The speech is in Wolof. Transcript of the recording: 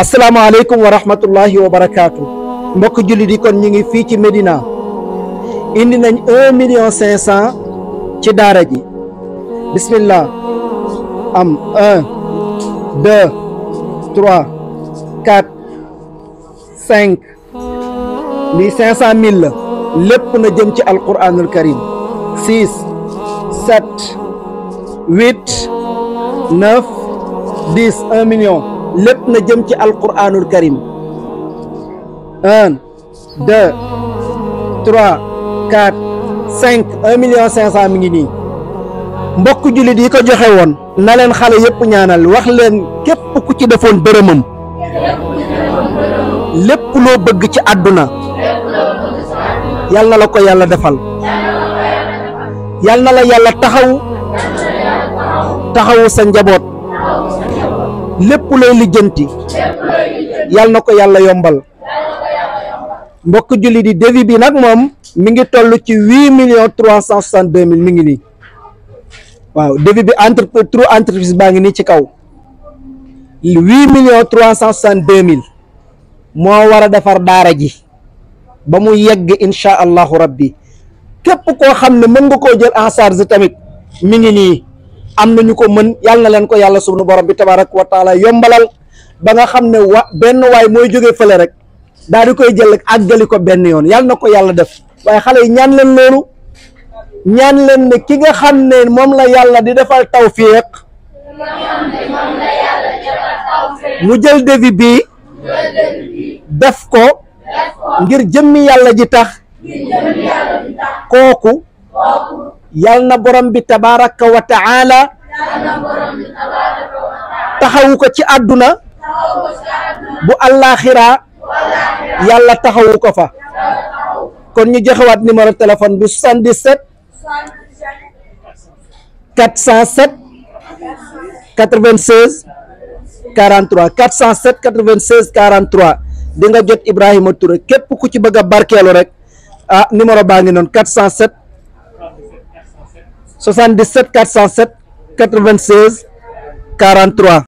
asalaamaaleykum wa rahmatullahi wa barakaatu mbokk jullit yi kon ñu ngi fii ci Médina indi nañ million cinq ci daara ji bismillah am un cinq lii mille la lépp na jëm ci alquranul karim six sept huit neuf dix million lepp na jëm ci alquranul karim 1 2 3 4 5 1 million 500 mi ngi mbokk julit yi ko joxe won na len xale yépp ñaanal wax len képp ku ci defoon dërëmam lepp lo bëgg ci aduna yalla la ko yalla defal Yalla la yalla taxaw taxaw sa njabot lépp looy lijjanti yal na ko yàlla yombal mbokk julli di devis bi nag moom mi ngi toll ci huit millions trois cent soixante deux mille mi ngi nii waaw devis bi entre trou entreprise baa ngi nii ci kaw huit millions trois cent soixante deux mille moo war a defar daara ji ba mu yegg incha allahu rabbi képp ko xam ne mën nga koo jël en charge tamit mi ngi nii am na ñu ko mën yàlla na leen ko yàlla sunu borom bi tabarak wa taala yombalal ba nga xam ne wa benn waay mooy jóge fële rek daal di koy jël ak àggali ko benn yoon yàlla na ko yàlla def waaye xale yi ñaan leen loolu ñaan leen ne ki nga xam ne moom la yàlla di defal tawfiq mu jël defi bi def ko ngir jëmmi yàlla ji tax kooku yal na borom bi tabaraka wa taala taxawu ko ci àdduna bu àllaaxira yàlla taxawu ko fa kon ñu joxewaat numéro téléphone bi 77 407 96 43 407 96 43 di nga jot Ibrahima Touré képp ku ci bëgg a barkeelu rek ah numéro baa ngi noonu 407 77 407 96 43